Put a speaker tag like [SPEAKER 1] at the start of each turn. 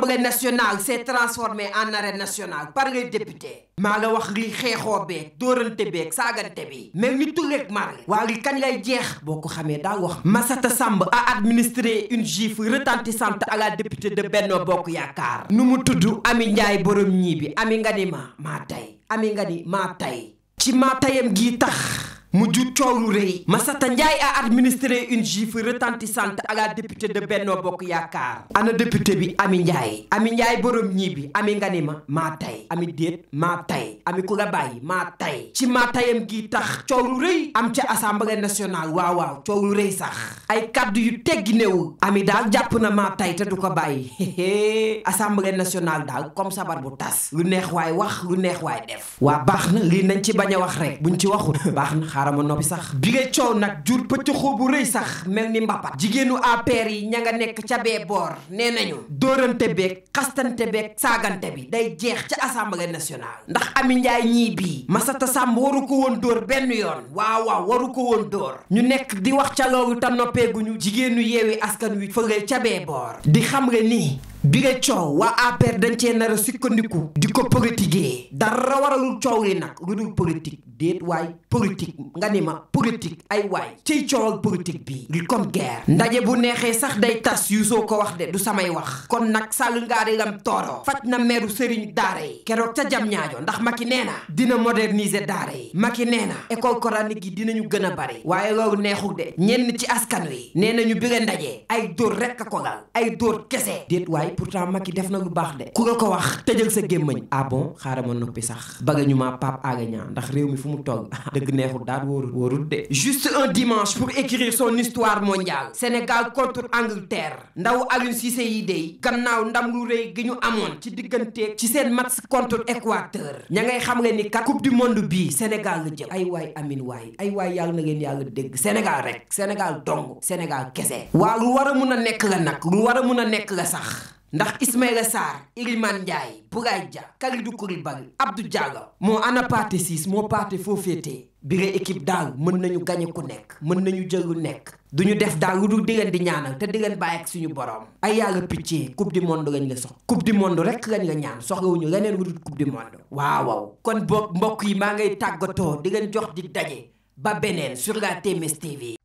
[SPEAKER 1] assemblée nationale s'est transformée en arène nationale par les députés maa la wax li xeexoo beeg dóorante beeg saagante bi mel ni tulleeg mar waa li kañ lay jeex boo ko xamee daa wax ma Massata Samb a administré une gifle retentissante à la députée de Benno Bokk Yaakaar nu mu tudd Ami Ndiaye borom ñii bi ami nga ni ma maa tay ami nga ni maa tay ci maa tayam gii tax mu jur coow lu rëy Massata Ndiaye a administré une gifle sant à la députée de Benno Bokk Yaakaar ana député bi Ami Ndiaye Ami Ndiaye borom ñii bi Ami nga ni ma maa tey Ami déet maa tey ami ku la bàyyi maa tay ci maa tayam gi tax coow lu rëy am ca assemblée national waaw waaw coow lu rëy sax ay kàddu yu teggi néew ami daal jàpp na maa tay te du ko bàyyi assemblée national daal comme sabar bu tas lu neex waay wax lu neex waay def waa baax na lii nañ ci bañ a wax bu buñ ci waxul baax na xaaral ma noppi sax bi nga coow nag jur pëccëxoo bu rëy sax mel ni mbappat jigéenu APR yi ña nga nekk ca bee boor nee nañu dóorante beeg xastante beeg saagante bi day jeex ca assemblée nationale ndax Njaay ñii bii Masata Samb waru ko woon dóor benn yoon waaw waru ko woon dóor ñu nekk di wax ca loolu te noppeeguñu jigéenu yeewi askan wi fële ca bee di xam nga ni bi nga coow waa APR dañ cee nar a sukkandiku di ko politique dara waralul coow li nag lu dul politique déet waay politique nga ni ma politique ay waay ciy coowal politique bi li comme guerre ndaje bu neexee sax day tas yu soo ko wax de du samay wax kon nag Sall ngaari lam tooro faj na meeru sëriñ daara yi keroog ca jam ñaajo ndax Macky nee na dina moderniser daara yi Macky nee na école coranique yi dinañu gën a bari waaye loolu neexul de ñenn ci askan wi nee nañu bi nga ay dóor rekk a ay dóor kese déet waay pourtant Macky def na lu baax de ku la ko wax tëjal sa gémmañ ah bon xaaral ma noppi sax bëgg ñu maa Pape Alé ndax réew mi fu mu toll dëgg neexul daal wóorul wóorul de juste un dimanche pour écrire son histoire mondiale Sénégal contre Angleterre ndaw Aliou Cissé yi dey gannaaw ndam lu rëy gi ñu amoon ci digganteeg ci seen match contre Équateur ña ngay xam nga ni kat coupe du monde bii Sénégal la jël ay waay amin waay ay waay yàlla na leen yàlla dégg Sénégal rek Sénégal dong Sénégal kese waaw lu war a mun a a mun a nekk la sax ndax Ismaïla Sarr Iliman Ndiaye Bouraye Dia Kalidou Koulibaly Abdou Diallo moo ana parté siis moo parté foo féetee bi nga équipe daaw mën nañu gañe ku nekk mën nañu jël lu nekk ñu def daal lu dul di leen di ñaanal te di leen bàyyi ak suñu borom ay yàlla picc coupe du monde lañ la sox coupe du monde rek lañ la ñaan soxlawuñu leneen lu dul coupe du monde waaw kon boog mbokk yi maa ngay tàggatoo di leen jox di daje ba beneen sur la TMS TV